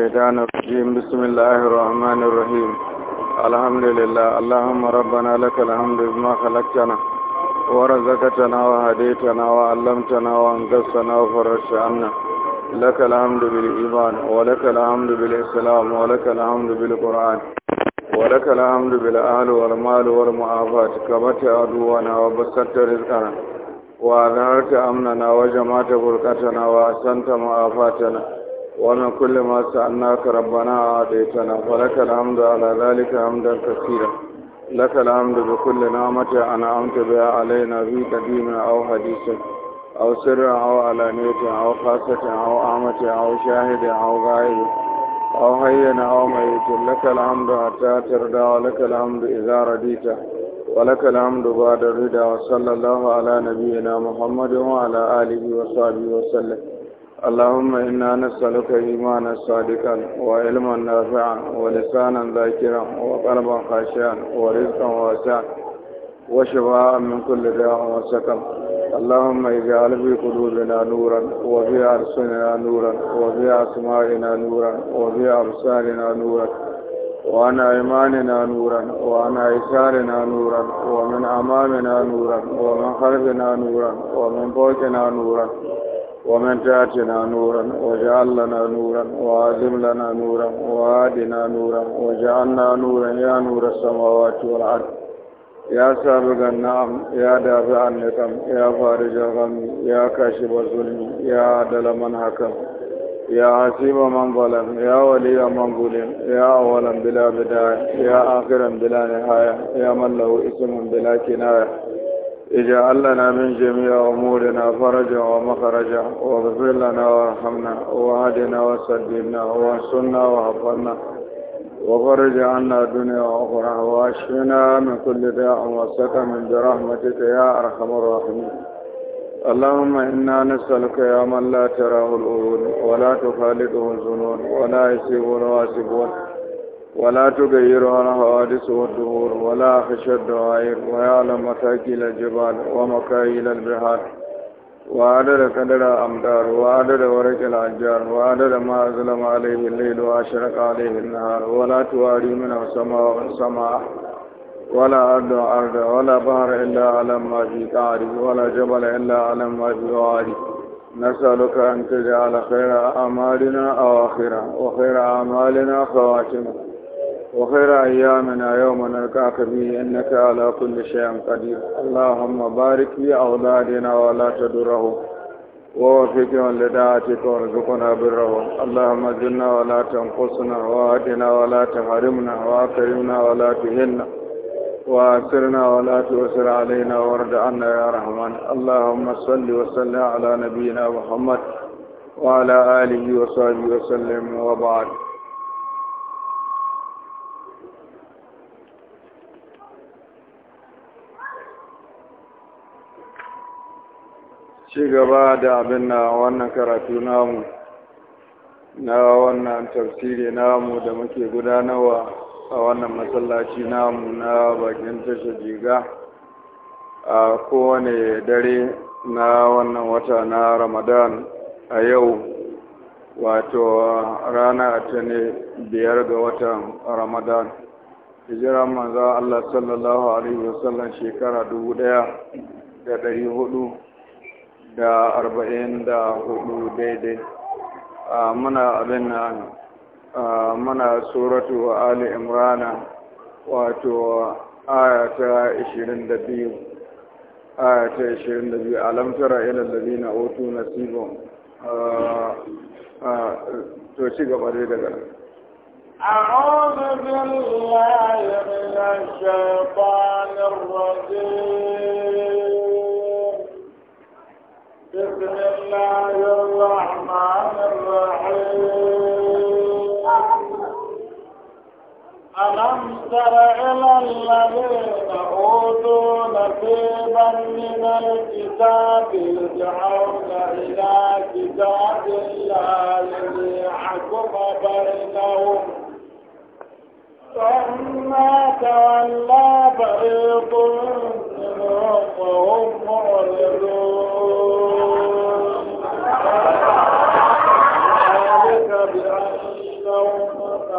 الشيطان الرجيم بسم الله الرحمن الرحيم الحمد لله اللهم ربنا لك الحمد بما خلقتنا ورزقتنا وهديتنا وعلمتنا وانقذتنا وفرجت عنا لك الحمد بالإيمان ولك الحمد بالإسلام ولك الحمد بالقرآن ولك الحمد بالأهل والمال والمعافات كبت عدونا وبسطت رزقنا وأظهرت أمننا وجمعت بركتنا وأحسنت معافاتنا وانا كل ما سألناك ربنا عاديتنا ولك الحمد على ذلك حمدا كثيرا لك الحمد بكل نعمة أنعمت بها علينا في قديم أو حديث أو سر أو علانية أو خاصة أو عامة أو شاهد أو غائب أو هين أو ميت لك الحمد حتى ترضى ولك الحمد إذا رديت ولك الحمد بعد الرضا وصلى الله على نبينا محمد وعلى آله وصحبه وسلم اللهم إنا نسألك إيمانا صادقا وعلما نافعا ولسانا ذاكرا وقلبا خاشعا ورزقا واسعا وشفاء من كل داء وسقم اللهم اجعل في قلوبنا نورا وفي ألسننا نورا وفي أسمائنا نورا وفي أبصارنا نورا وعن أيماننا نورا وعن أيسارنا نورا ومن أمامنا نورا ومن خلفنا نورا ومن فوقنا نورا ومن تاتنا نورا وجعل لنا نورا وعزم لنا نورا وهادنا نورا وجعلنا نورا يا نور السماوات والارض يا سابق النعم يا دافع النقم يا فارج الغم يا كاشف الظلم يا عدل من حكم يا عسيب من ظلم يا ولي من ظلم يا أولا بلا بداية يا آخرا بلا نهاية يا من له اسم بلا كناية اجعل لنا من جميع أمورنا فرجا ومخرجا واغفر لنا وارحمنا وهدنا وسددنا وانصرنا وحفظنا وفرج عنا الدنيا وأخرى واشفنا من كل داء وسكن برحمتك يا أرحم الراحمين اللهم إنا نسألك يا من لا تراه الأذون ولا تخالده الظنون ولا يسيبون واسبون ولا تغير تغيرها حوادث والدهور ولا خشى الدوائر ولا متاكل الجبال ومكايل البحار وعدد قدر الأمدار وعدد ورق الأشجار وعدد ما أظلم عليه الليل وأشرق عليه النهار ولا تواري منه سماء سماء ولا أرض أرض ولا بحر إلا على ما في قعري ولا جبل إلا على ما في وعري نسألك أن تجعل خير أعمالنا أواخرا وخير أعمالنا خواتمه وخير أيامنا يوم نلقاك به إنك على كل شيء قدير اللهم بارك في أولادنا ولا تدرهم ووفقهم لدعاتك وارزقنا برهم اللهم زلنا ولا تنقصنا وآتنا ولا تحرمنا وأكرمنا ولا تهنا وآسرنا ولا تؤسر علينا وارض عنا يا رحمن اللهم صل وسلم على نبينا محمد وعلى آله وصحبه وسلم وبعد ci gaba da abin na wannan karatu namu na wannan tafsiri namu da muke gudanarwa a wannan masallaci namu na bakin tashar jiga a kowane dare na wannan wata na ramadan a yau wato rana ta ne biyar ga watan ramadan hijiran manzo Allah sallallahu alaihi wasallam shekara dubu daya da dari hudu da arba'in da hudu daidai muna abin nan muna suratu ali imrana wato aya ta 22 aya ta 22 da biyu na hutu na nasibum to ci gaba dai daga أعوذ بالله من الشيطان الرجيم بسم الله الرحمن الرحيم ألم تر إلى الذين أوتوا نصيبا من الكتاب يدعون إلى كتاب الله ليحكم بينهم ثم تولى فريق منهم وهم معرضون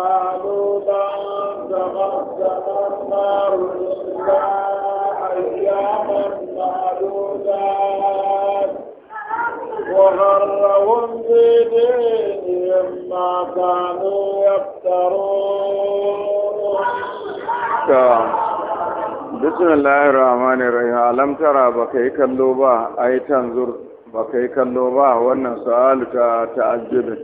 قالوا لن تمسنا النار إلا أياما معدودات وغرهم rahim alam tara baka yi kallo ba ai tanzur baka yi kallo ba wannan su'alu ta ta'ajjubin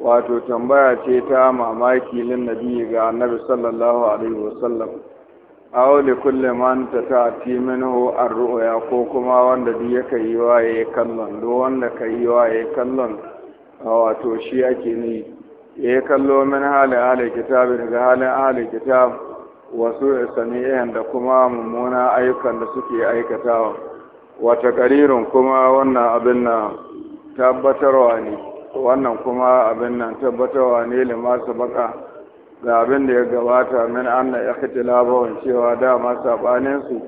wato tambaya ce ta mamaki lin nabi ga annabi sallallahu alaihi wasallam aw li man tatati minhu ar ko kuma wanda duk ya kai waye kallon do wanda kai waye kallon wato shi ake ni ya kallo min hali ahli kitab daga halin ahli kitab wasu sami'in da kuma mummuna ayyukan da suke aikatawa wata karirin kuma wannan abin na tabbatarwa ne wannan kuma abin nan tabbatawa ne masu baka ga abin da ya gabata min anna ya katilabawan cewa dama saɓaninsu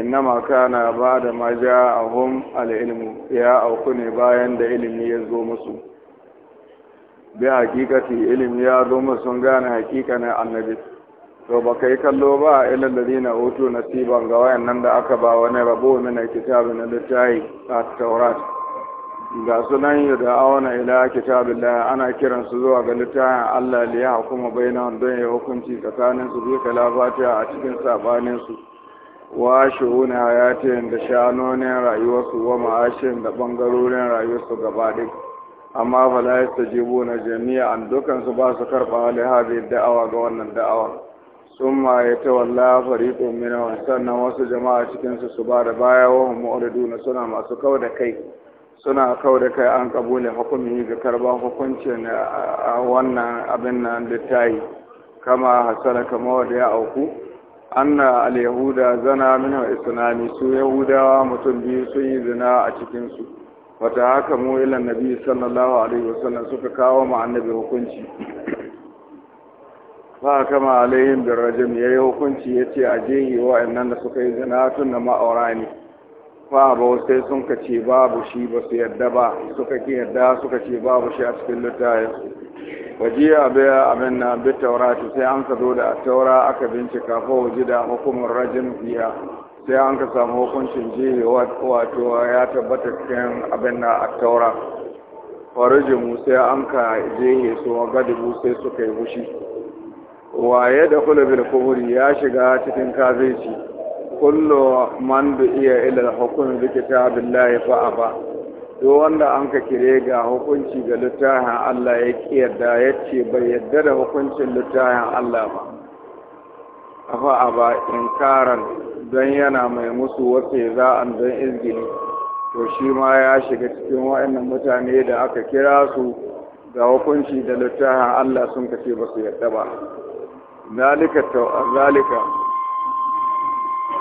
innama kana ba da ma a hum al'ilmu ya auku ne bayan da ilimi ya zo musu bi hakikati ilimi ya zo musu sun gane hakikanin annabi to ba kai kallo ba a ilal ladina utu nasiban ga wayannan da aka ba wani rabo min kitabin na littahi a taurat ga sunan yi da awana ila da ana kiran su zuwa ga littafin Allah hukuma bai nan don ya hukunci tsakanin su bi kalafatiya a cikin sabanin su wa shuhuna hayatin da shanonin rayuwarsu wa ma'ashin da bangarorin rayuwarsu gaba ɗaya amma fala yastajibu na an dukan su ba su karba li hadhihi da'awa ga wannan da'awa ta yatawalla fariqun minhum sannan wasu jama'a cikin su ba da baya wa hum na suna masu da kai suna kawo da kai an kabule hukumi ga karba hukuncin a wannan abin nan littayi kama hasara kama wadda ya auku anna al-yahuda zana min al-islami su yahudawa mutum biyu sun yi zina a cikin su wata haka mu ila nabi sallallahu alaihi wasallam suka kawo ma annabi hukunci fa kama alaihim birrajim yayi hukunci yace ajehi wa'annan da suka yi zina tun da ma'aura ne fa sai sun ka ce babu shi ba su yarda ba suka ki yadda suka ce babu shi a cikin littafin waje abin abin na bi taurati sai an ka zo da taura aka bincika ko waje da hukumar rajin biya sai an ka samu hukuncin jihe wato ya tabbata cikin abin na taura mu sai an ka jihe su gadibu sai suka yi fushi waye da kula bil ya shiga cikin kafirci kullu man da iya ilal hukumi bi kitabillahi fa wanda an ka kire ga hukunci ga littafin Allah ya kiyarda ya ce bai yarda da hukuncin littafin Allah ba afa aba inkaran don yana mai musu wasu za an don izgini to shi ma ya shiga cikin waɗannan mutane da aka kira su ga hukunci da littafin Allah sun kace ba su yarda ba zalika zalika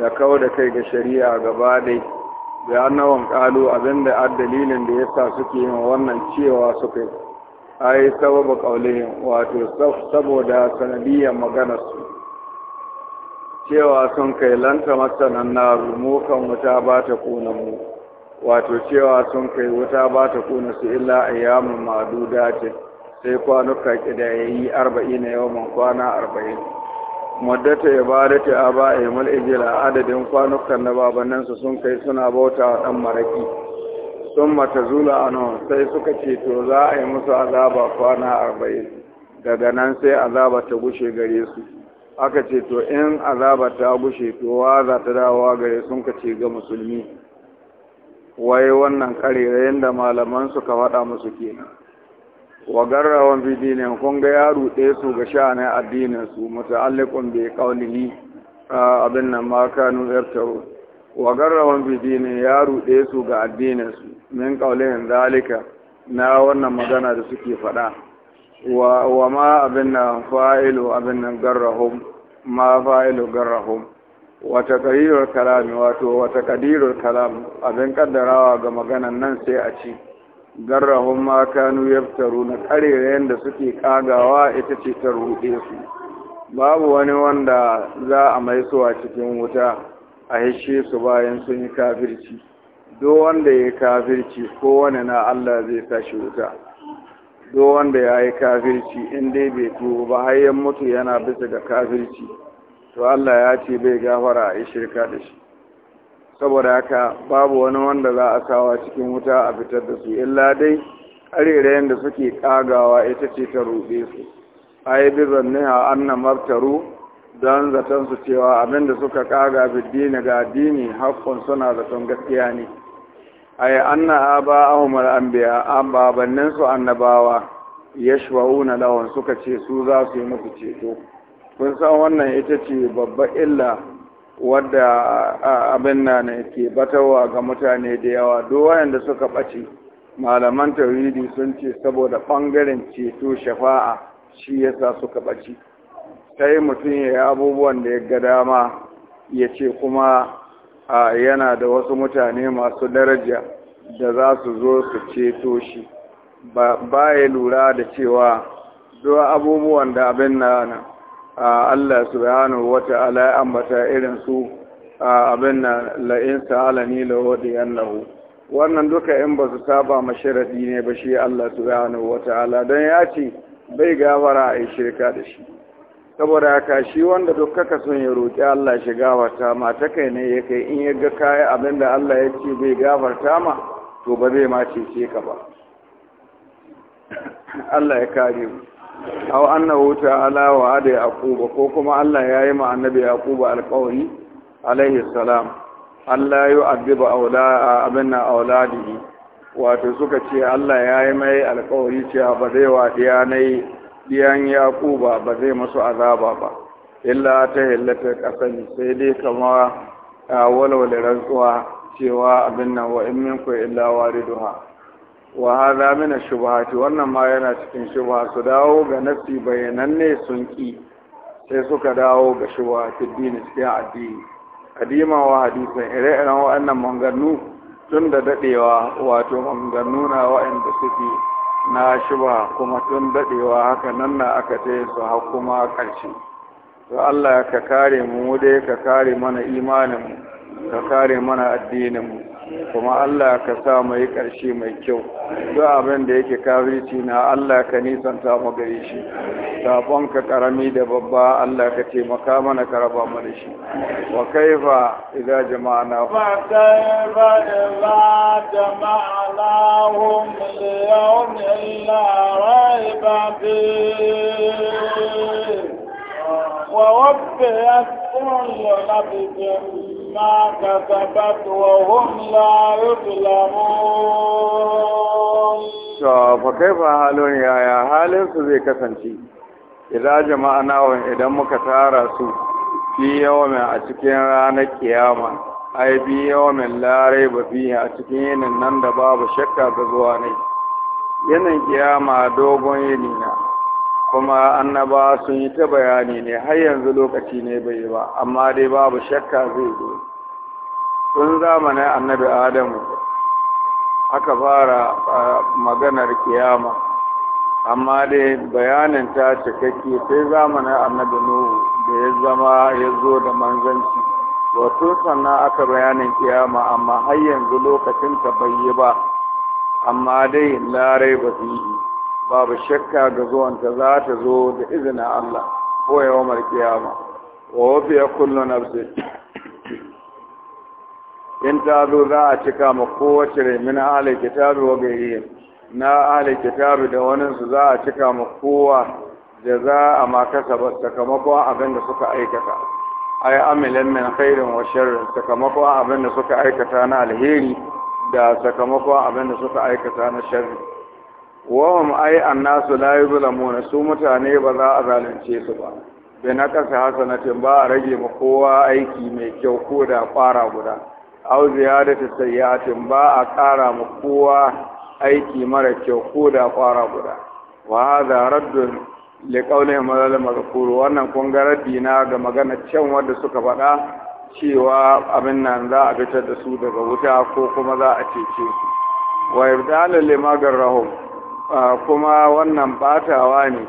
da kawo da kai ga shari'a gaba dai da annawan kalu abinda a dalilin da yasa suke yin wannan cewa suka ai sababa kaulihim wato saboda sanadiyyar magana su cewa sun kai lanta masanan na wuta ba ta kona mu wato cewa sun kai wuta ba ta kona su illa ayyamun maduda sai kwanuka kidayayi arba'in na yawan kwana arba'in muddata ibadati aba'ihim al-ijla adadin kwanukan na babannan su sun kai suna bauta a dan maraki sun mata zula nan sai suka ce to za a yi musu azaba kwana arba'in daga nan sai azaba ta gushe gare su aka ce to in azaba ta gushe to wa za ta dawowa gare sun ka ce ga musulmi Wai wannan karerayen da malaman suka faɗa musu kenan wa garrawan fi dinin kun ga yaro ruɗe su ga sha'anin addinin su bai bi qawlihi abin nan ma kanu yartaru wa garrawan fi dinin ɗaya su ga addinin su min qawlihin zalika na wannan magana da suke faɗa wa wa ma abin nan fa'ilu abin nan garrahum ma fa'ilu garrahum wa taqdirul kalam wato wa taqdirul kalam abin kaddarawa ga maganan nan sai a ci garrahun ma kanu yaftaru na karerayen da suke kagawa ita ce ta ruɗe su babu wani wanda za a mai suwa cikin wuta a hishe su bayan sun yi kafirci do wanda ya kafirci ko wani na Allah zai tashi wuta do wanda ya yi kafirci in dai bai tuba ba har mutu yana bisa ga kafirci to Allah ya ce bai gafara a yi shirka da shi saboda haka babu wani wanda za a sawa cikin wuta a fitar da su illa dai arerayen da suke ƙagawa ita ce ta ruɗe su ai bi zanniha anna martaru don zaton su cewa abin da suka kaga biddini ga dini haƙƙun suna zaton gaskiya ne ai anna aba ahumar anbiya babannin su annabawa yashwauna lawan suka ce su za su yi musu ceto kun san wannan ita ce babba illa wadda abin na ke batawa ga mutane da yawa duk yadda suka ɓace malaman tauridi sun ce saboda ɓangaren ceto shafa'a shi yasa suka ɓace yi mutum ya yi abubuwan da ya ga dama ya ce kuma yana da wasu mutane masu daraja da za su zo su ceto shi ba ya lura da cewa duwa abubuwan da abin na Allah subhanahu wa ta'ala ya ambata irin su abin na la'in ni la wadi annahu wannan duka in ba su saba ma sharadi ne ba shi Allah subhanahu wa ta'ala dan ya ce bai gafara a shirka da shi saboda haka shi wanda duk kaka son ya roƙi Allah shi gafarta ma ta kai ne ya kai in ya ga kaya abin da Allah ya ce bai gafarta ma to ba zai ma cece ka ba Allah ya kare mu aw annahu ta'ala wa'ada yaquba ko kuma Allah ya yi ma annabi yaquba alqawli Alayhi salam Allah ya yu'adhibu awla abinna awladihi wato suka ce Allah ya yi mai alqawli cewa ba zai wa diyanai diyan yaquba ba zai masu azaba ba illa ta hillata kasan, sai dai kama walwale rantsuwa cewa abin nan wa in minku illa wariduha wa hada mina shubhati wannan ma yana cikin shubha su dawo ga nafsi bayananne sun ki sai suka dawo ga shubha addini cikin addini kadima wa hadisan ire-iren wa'annan manganu tun da dadewa wato manganu na wa'anda suke na shubha kuma tun dadewa haka nan na aka ce su har kuma karshe to Allah ka kare mu dai ka kare mana imanin ka kare mana addinin mu kuma Allah ka sa mu yi ƙarshe mai kyau duk abin da yake kafirci na Allah ka nisanta mu gare shi sabon ka karami da babba Allah ka taimaka mana ka raba mu da shi wa kaifa idza jama'na fa kaifa idza jama'nahum li yawmin la raiba fihi ووفيت كل نفس ما كسبت وهم لا يظلمون fa kaifa halon yaya halinsu zai kasance idan jama'a nawon idan muka tara su fi yawamin a cikin ranar ƙiyama, ai bi yawamin larai ba fi a cikin yinin nan da babu shakka ga zuwa ne yinin kiyama dogon yini na kuma annaba sun yi ta bayani ne har yanzu lokaci ne bai yi ba amma dai babu shakka zai zo tun zamanin annabi adamu aka fara eh, maganar kiyama amma dai bayanin ta cikakke sai zamanin annabi nuhu da ya zama ya zo da manzanci wato sannan aka bayanin kiyama amma har yanzu lokacinta bai yi ba amma dai larai ba su yi babu shakka ga zuwanta za ta zo da izinin Allah ko yawon markiyama wa wafi ya kullu nafsi in ta zo za a cika ma kowace rai alaƙi ta kitabi wa gairi na ta kitabi da waninsu za a cika ma kowa da za a makasa ba sakamakon abin da suka aikata ai amilin min khairin wa sharrin sakamakon abin da suka aikata na alheri da sakamakon abin da suka aikata na sharri wahum ai annasu la yuzlamuna su mutane ba za a zalunce su ba bai na kasa hasanatin ba a rage ma kowa aiki mai kyau ko da fara guda au ziyadatu sayyi'atin ba a ƙara ma kowa aiki mara kyau ko da fara guda wa hadha raddun li qawlihi malal mazkur wannan kun ga raddi na ga magana can wanda suka faɗa cewa abin nan za a fitar da su daga wuta ko kuma za a cece su wa ibdalu limagarrahum kuma wannan batawa ne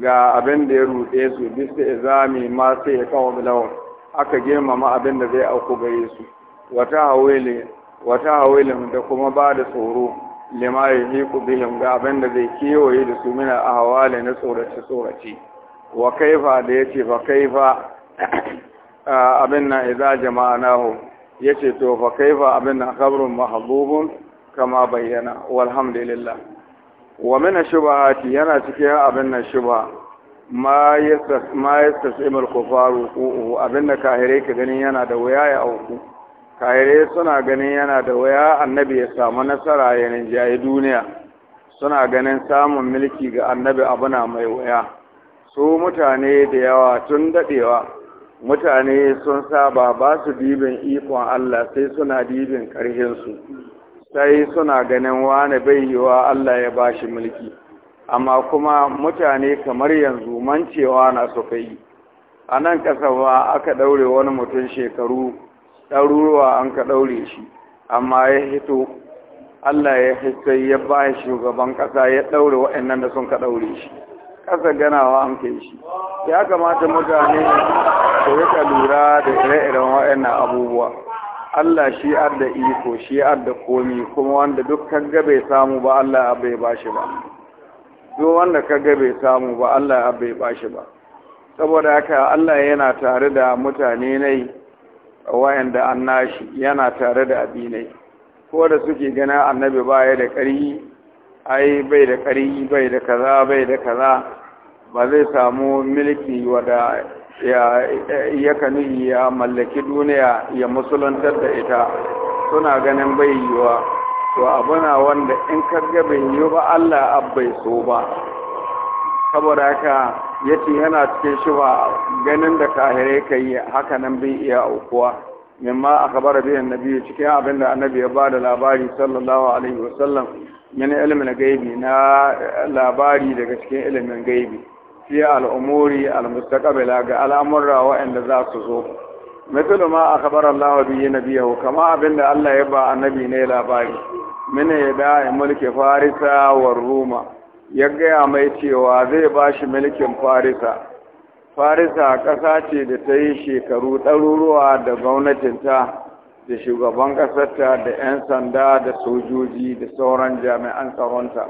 ga abin da ya ruɗe su bisa izami ma sai ya kawo bilawar aka girmama abin da zai auku gare su wata hawili wata hawilin da kuma ba da tsoro lima ya yi bihim ga abin da zai kewaye da su mina a hawali na tsorace tsorace wa kaifa da ya ce fa kaifa abin na iza jama'a nahu ya ce to fa kaifa abin na kabrun mahabubun kama bayyana walhamdulillah wa mina shubahati yana cikin abin nan shuba ma imal kufaru ku abin da kahire ka gani yana da waya ya auku kahire suna ganin yana da waya annabi ya samu nasara ya jayi duniya suna ganin samun mulki ga annabi abuna mai waya su mutane da yawa tun dadewa mutane sun saba ba su dibin ikon Allah sai suna dibin su sai suna ganin wane bai yiwa Allah ya bashi mulki amma kuma mutane kamar yanzu mancewa na suka yi a nan ba, aka ɗaure wani mutum shekaru ɗaruruwa an ka ɗaure shi amma ya hito Allah ya hito ya ba shugaban ƙasa ya ɗaure waɗannan da sun ka ɗaure shi ƙasa ganawa an kai shi ya kamata mutane su rika lura da ire-iren waɗannan abubuwa Allah shi ar da iko shi ar da komi kuma wanda duk kaga bai samu ba Allah bai bashi ba duk wanda kaga bai samu ba Allah bai bashi ba saboda haka Allah yana tare da mutane ne wayanda annashi yana tare da abinai ko da suke gana annabi baya da ƙarfi ai bai da ƙarfi bai da kaza bai da kaza ba zai samu milki wada ya kanu ya mallaki duniya ya musuluntar da ita suna ganin bai yiwa to abuna wanda in karga bai yiwu ba allah abbai so ba saboda haka ya yana cikin shuba ganin da kahirai ka yi haka nan bai iya aukuwa mimma aka da biyan nabi cikin abin da annabi ya ba da labari sallallahu alaihi wasallam min ilimin gaibi na labari daga cikin ilimin gaibi fi al'umuri al mustaqabila ga al'amurra waɗanda za su zo mithlu ma akhbara Allah na biyu kama abinda Allah ya ba annabi ne labari min yada mulki farisa wa ya gaya mai cewa zai ba shi mulkin farisa farisa ƙasa ce da ta yi shekaru ɗaruruwa da gwamnatinta da shugaban ƙasarta da 'yan sanda da sojoji da sauran jami'an tsaronta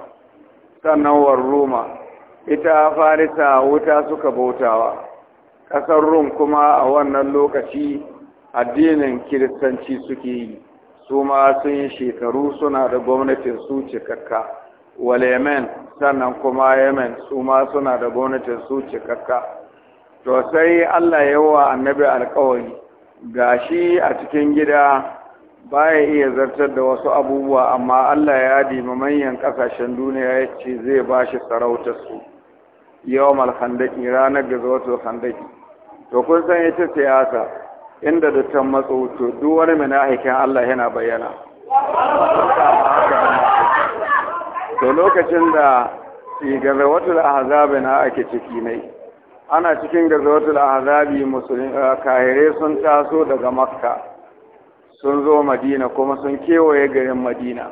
sannan war roma ita farisa wuta suka bautawa ƙasar rum kuma a wannan lokaci addinin kiristanci suke yi su ma sun yi shekaru suna da gwamnatin su cikakka wal yemen sannan kuma yemen su ma suna da gwamnatin su cikakka to sai allah yawa annabi alkawari gashi a cikin gida baya iya zartar da wasu abubuwa amma Allah ya dima manyan kasashen duniya ya ce zai ba shi sarautarsu yawon alhandaki ranar da zuwatar alhandaki to kun san ya ce siyasa inda da can matso to duk wani minahikin Allah yana bayyana to lokacin da wata ahzabi na ake ciki mai ana cikin gaza wata ahzabi musulmi kahire sun taso daga makka sun zo madina kuma sun kewaye garin madina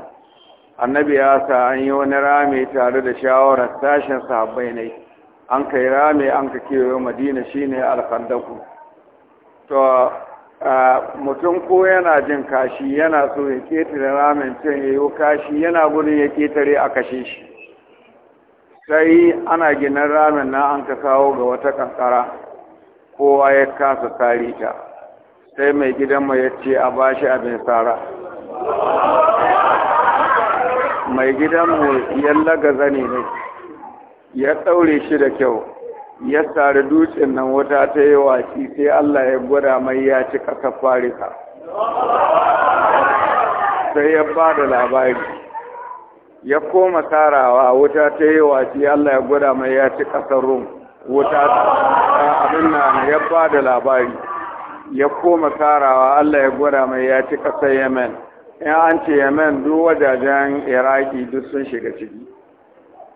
annabi ya sa an yi wani rame tare da shawarar tashin sahabbai ne an kai rame an ka kewaye madina shine alkandaku to mutum ko yana jin kashi yana so ya ketare ramen can ya yi kashi yana gudun ya ketare a kashe shi sai ana ginin ramin na an ka kawo ga wata kankara kowa ya kasa kare ta sai mai gidanmu ya ce a bashi abin tsara mai gidanmu ya lagaza zane ne ya ɗaure shi da kyau ya tsari dutsen nan wata ta yi waki sai Allah ya gwada mai ya ci ƙasar farika sai ya ba da labari ya koma tsarawa wuta ta yi waki Allah ya gwada mai ya ci ƙasar rum wata abin nan ya ba da labari ya koma karawa Allah ya gwada mai ya ci ƙasar Yemen in an ce Yemen duk wajajen Iraki duk sun shiga ciki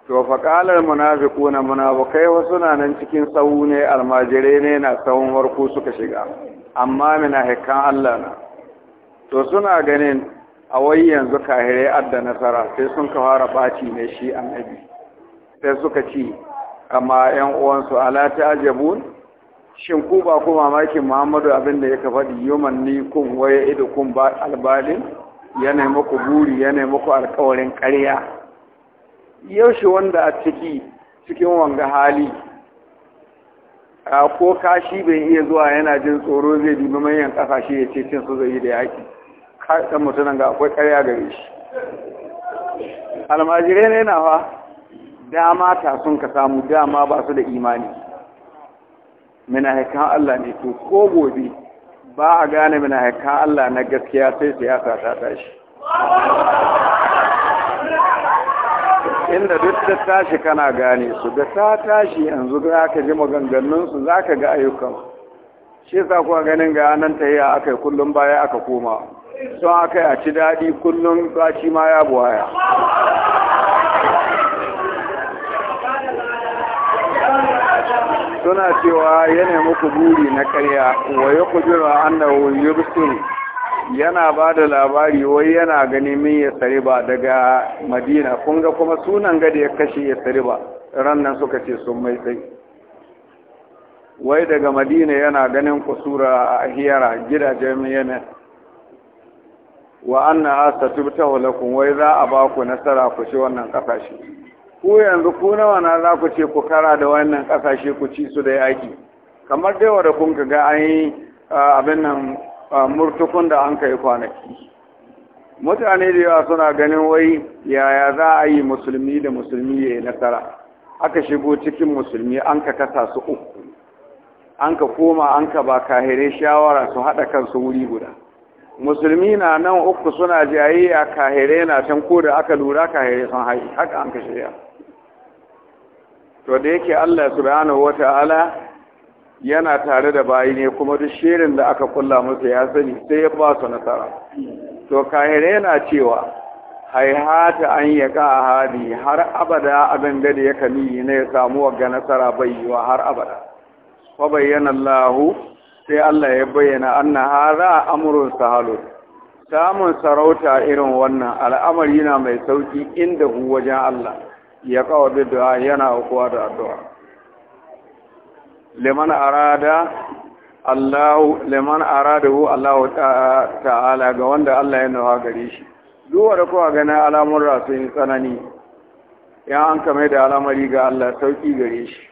to faƙalar munafiquna munafikai wasu na nan cikin sahu ne almajirai ne na tsawon warko suka shiga amma mina hikan Allah na to suna ganin a wai yanzu kahirai adda nasara sai sun ka fara ɓaci ne shi annabi sai suka ci kama 'yan uwansu ala ta ajabun shin ku ba ku mamakin muhammadu abin da ya ka faɗi yoman ni kun waya ido kun ba albalin yana muku buri yana muku alƙawarin ƙarya yaushe wanda a ciki cikin wanga hali ko kashi bai iya zuwa yana jin tsoro zai dubi manyan kasashe ya ce cin su zai yi da yaki kan mutunan ga akwai karya gare shi almajirai ne na fa dama ta sun ka samu dama ba su da imani minahikan Allah ne to ko gobe ba a gane minahikan Allah na gaskiya sai siyasa ta tashi inda duk ta tashi kana gane su da ta tashi yanzu za ka ji maganganunsu za ka ga ayyukan. shi sa kuwa ganin ga nan ta yi a kullum baya aka koma sun aka a ci daɗi kullum tsaci ma ya buwaya suna cewa yana muku buri na karya wa ya kujira annahu yursul yana ba da labari wai yana gani min ya ba daga madina kun ga kuma sunan gada ya kashe ya ba, rannan suka ce sun mai sai wai daga madina yana ganin kusura a hiyara gidajen yana wa anna asatu tawlakum wai za a ba ku nasara ku shi wannan kasashe ku yanzu ku nawa na za ku ce ku kara da wannan kasashe ku ci su da yaki kamar dai wanda kun ga an yi abin nan murtukun da an kai kwanaki mutane da yawa suna ganin wai yaya za a yi musulmi da musulmi ya yi nasara aka shigo cikin musulmi an ka kasa su uku an ka koma an ka ba kahire shawara su haɗa kansu wuri guda musulmi na nan uku suna jayayya kahire na can ko da aka lura kahire sun haka an ka shirya to da yake Allah subhanahu wata'ala yana tare da bayi ne kuma duk shirin da aka kulla masa ya sani sai ya ba su nasara to kahire yana cewa haihata an ya ka hadi har abada abin da ya kani ne ya samu wagga nasara bai yiwa har abada fa bayyana Allah sai Allah ya bayyana anna hada amrun sahalu samun sarauta irin wannan al'amari na mai sauki inda hu wajen Allah ya kawo da yana hukuwa da addu'a liman arada Allah liman hu Allah ta'ala ga wanda Allah ya nawa gare shi Zuwa da kowa ganin rasu yin tsanani ya an kame da al'amari ga Allah sauki gare shi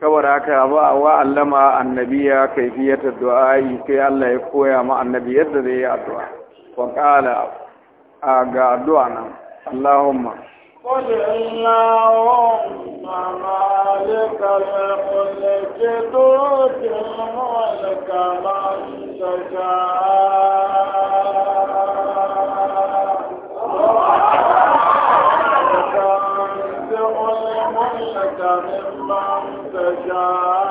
saboda haka ba wa allama annabiya kaifiyatar du'a'i sai Allah ya koya ma annabi yadda zai yi addu'a wa a ga addu'a nan Allahumma Ọjọ́ ìrìnlẹ̀ ọ̀rọ̀ ọ̀rọ̀ ọ̀rọ̀ ọ̀rọ̀ ọ̀rọ̀ ọ̀rọ̀ ọ̀rọ̀ ọ̀rọ̀ ọ̀rọ̀ ọ̀rọ̀ ọ̀rọ̀ ọ̀rọ̀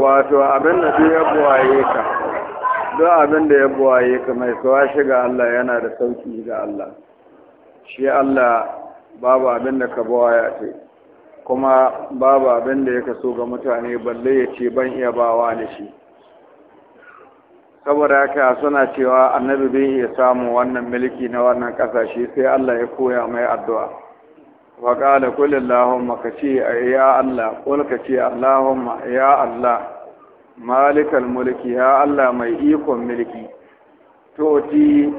wato abin da ya buwaye ka duk abin da ya buwaye ka mai kawa shi ga Allah yana da sauki ga Allah shi Allah babu abin da ka a ce kuma babu abin da ya kaso ga mutane balle ya ce ban iya bawa da shi saboda haka suna cewa annabi bai iya samu wannan mulki na wannan kasashe sai Allah ya koya mai addu'a wa qala qul allahumma kace ya Allah qul kace allahumma ya Allah malikal mulki ya Allah mai ikon mulki to ti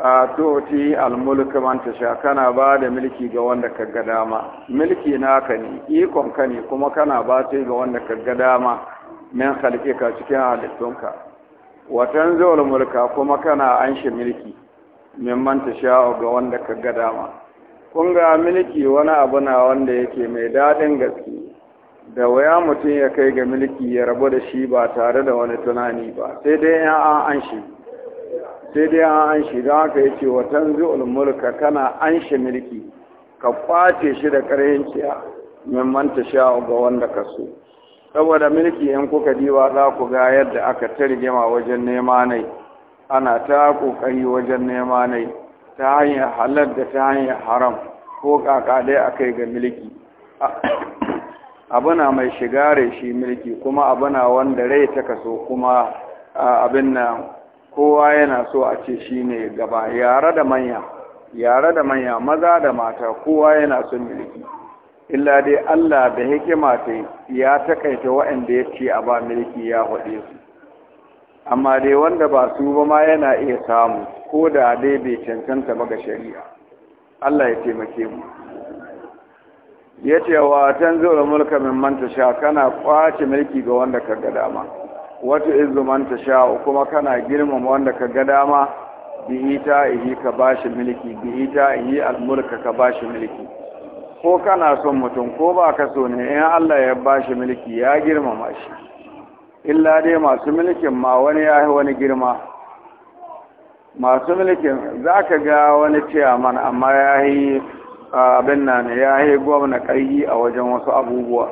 a toti almulka man tasha kana ba da mulki ga wanda ka ga dama mulki naka ne ikon ka ne kuma kana ba sai ga wanda ka ga dama min ka cikin halittunka wa tanzul mulka kuma kana anshi mulki min man tasha ga wanda ka ga dama kun ga mulki wani abu na wanda yake mai dadin gaske da waya mutum ya kai ga mulki ya rabu da shi ba tare da wani tunani ba sai dai ya an anshi sai dai an shiga ka ce watan tanzi'ul mulka kana an shi mulki ka kwace shi da ƙarfin ciya min manta sha ga wanda ka so saboda mulki in kuka diwa za ku ga yadda aka ta wajen nema nai ana ta kokari wajen nema nai ta hanyar halar da ta hanyar haram ko kaka dai akai ga mulki abuna mai shiga shi mulki kuma abuna wanda rai ta kaso kuma abin nan kowa yana so a ce shi ne gaba yare da manya yare da manya maza da mata kowa yana so miliki illa dai Allah da hikima ta ya takaita waɗanda ya ce a ba miliki ya haɗe su amma dai wanda ba su ba ma yana iya samu ko da dai bai cancanta ba ga shari'a Allah ya taimake mu ya ce wa tanzu mulka min manta sha kana kwace mulki ga wanda ka ga dama wata izuman ta sha kuma kana girmama wanda ka ga dama bihi ta ihi ka bashi miliki bihi ta ihi almulka ka bashi miliki ko kana son mutum ko ba ka so ne in Allah ya bashi miliki ya girmama shi illa dai masu milkin ma wani ya yi wani girma masu milkin za ka ga wani ciyaman amma ya yi abin nan ya yi gwamna ƙarfi a wajen wasu abubuwa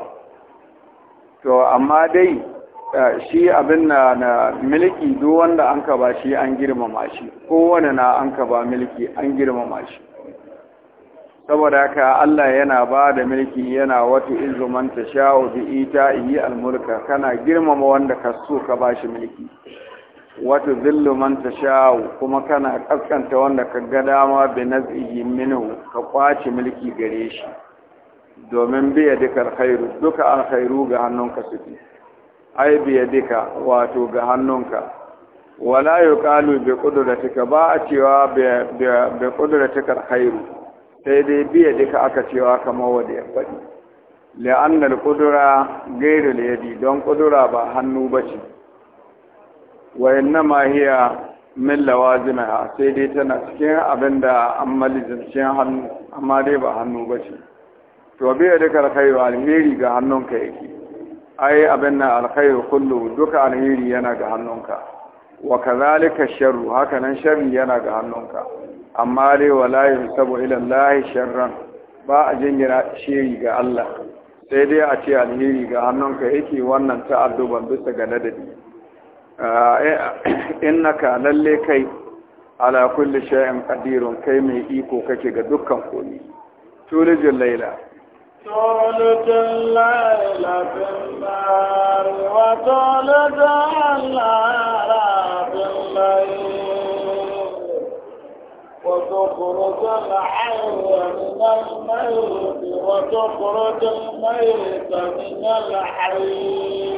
to amma dai Eh, shi abin na na miliki duk wanda an ka ba shi an girmama shi kowane na an ka ba miliki an girmama shi saboda haka Allah yana ba da miliki yana wata izuman ta sha'u bi ita yi almulka kana girmama wanda ka so ka ba shi miliki wata zillu man ta sha'u kuma kana kaskanta wanda ka ga dama bi nazihi minhu ka kwace miliki gare shi domin biya duka alkhairu duka alkhairu ga hannunka suke ya dika wato ga hannunka wala kalu bi qudratika ba a cewa bi qudratika alkhairu sai dai dika aka cewa kamar wanda ya faɗi la'anna alqudra da yadi don kudura ba hannu bace wa innama hiya min lawazima sai dai tana cikin abinda an cikin hannu amma dai ba hannu bace to biyadika alkhairu alheri ga hannunka yake ai abin nan alkhairu kullu duka alheri yana ga hannunka wa kazalika sharru haka nan sharri yana ga hannunka amma dai wallahi sabu ila Allah sharran ba a jingira shiri ga Allah sai dai a ce alheri ga hannunka yake wannan ta'adduban bisa ga na ah, innaka lalle kai ala kulli shay'in qadirun kai mai iko kake ga dukkan komai tulijul laila تولد الليل في النار وتولد النار في الليل وتخرج الحي من الميت وتخرج الميت من الحي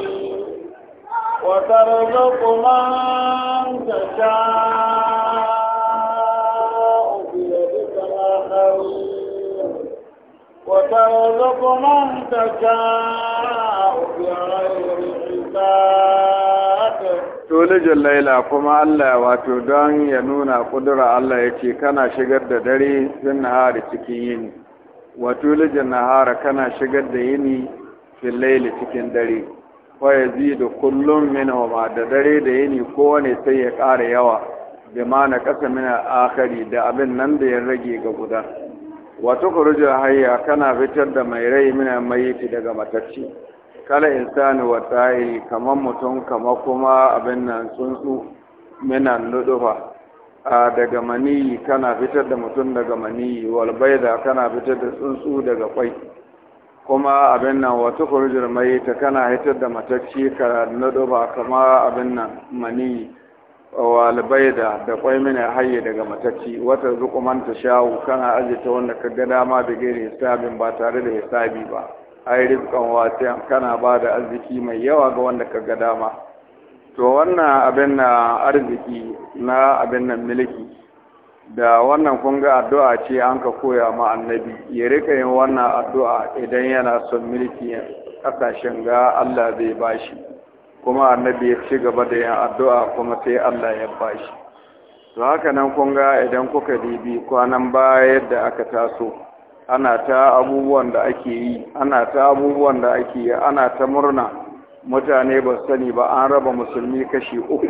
وترزق من تشاء بيدك الخير وترزق من تشاء بغير حساب تولج الليل كما ya nuna kudura Allah ya yace kana shigar da dare na nahari cikin yini wa tulijin nahara kana shigar da yini fil laili cikin dare zi da kullum minhuma da dare da yini kowane sai ya ƙara yawa bi ma na kasa min da abin nan da ya rage ga guda wato kuruju hayya kana fitar da mai rai mina mayiti daga matacci kala insani wa tsayi kamar mutum kamar kuma abin nan tsuntsu mina nudufa a daga maniyi kana fitar da mutum daga maniyi walbaida kana fitar da tsuntsu daga kwai kuma abin nan wata kurjir mai ta kana fitar da matacci ka nudufa kamar abin nan maniyi walibai da da kwai mina haye daga matacci wata zukumanta shawu kana ajiyata wanda ka ga dama da gairi hisabin ba tare da hisabi ba ai rizqan wasi'an kana ba da arziki mai yawa ga wanda ka ga dama to wannan abin na arziki na abin nan miliki da wannan kun addu'a ce an ka koya ma annabi ya rika yin wannan addu'a idan yana son miliki kasashen ga Allah zai bashi kuma annabi ya ci gaba da yin addu'a kuma sai Allah ya bashi to haka nan kun ga idan kuka dibi kwanan baya da aka taso ana ta abubuwan da ake yi ana ta abubuwan da ake yi ana ta murna mutane ba sani ba an raba musulmi kashi uku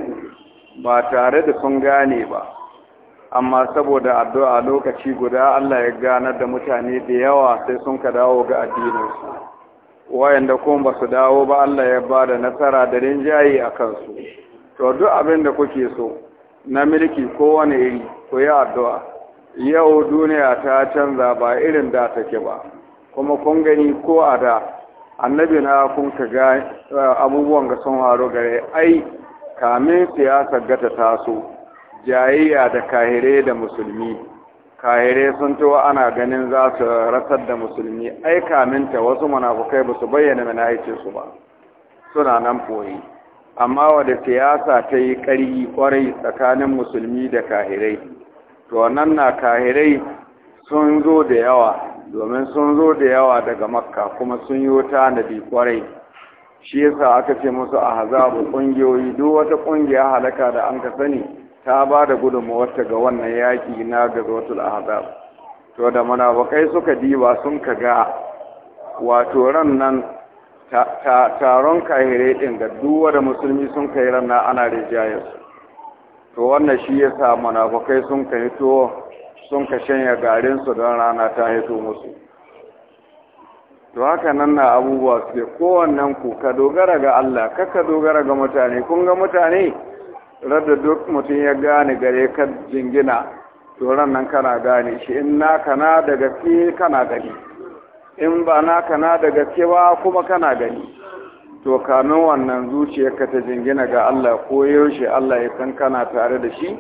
ba tare da sun gane ba amma saboda addu'a lokaci guda Allah ya gane da mutane da yawa sai sun ka dawo ga addininsu wayanda kuma ba su dawo ba Allah ya ba da nasara da rinjaye a kansu to duk abin da kuke so na mulki wani iri ku yi addu'a yau duniya ta canza ba irin da take ba kuma kun gani ko a da annabi na kun ka ga eh, abubuwan ga sun haro gare ai kamin siyasar gata taso jayayya da kahire da musulmi kahire sun to ana ganin za su ratar da musulmi aika minta wasu munafukai ba su bayyana su ba suna nan koyi amma wadda siyasa ta yi ƙari ƙwarai tsakanin musulmi da kahirai to wannan na kahirai sun zo da yawa domin sun zo da yawa daga makka kuma sun yi wuta na bi ƙwarai shi yasa aka ce musu a hazabu ƙungiyoyi duk wata ƙungiya halaka da an ka sani ta ba da gudunmawarta ga wannan yaƙi na gazotul ahzab to da munafikai suka diba sun ka ga wato ran nan taron kahire ɗin da duwa da musulmi sun kai yi ranar ana rijayar to wannan shi yasa munafikai sun ka hito sun ka shanya garinsu don rana ta hito musu to haka nan na abubuwa suke kowannen ku ka dogara ga Allah kakka dogara ga mutane kun ga mutane radda duk mutum ya gane gare ka jingina to nan kana gane shi in naka na da gaske kana gani in ba naka na da gaske ba kuma kana gani to kamin wannan zuciyarka ta jingina ga Allah ko yaushe Allah ya san kana tare da shi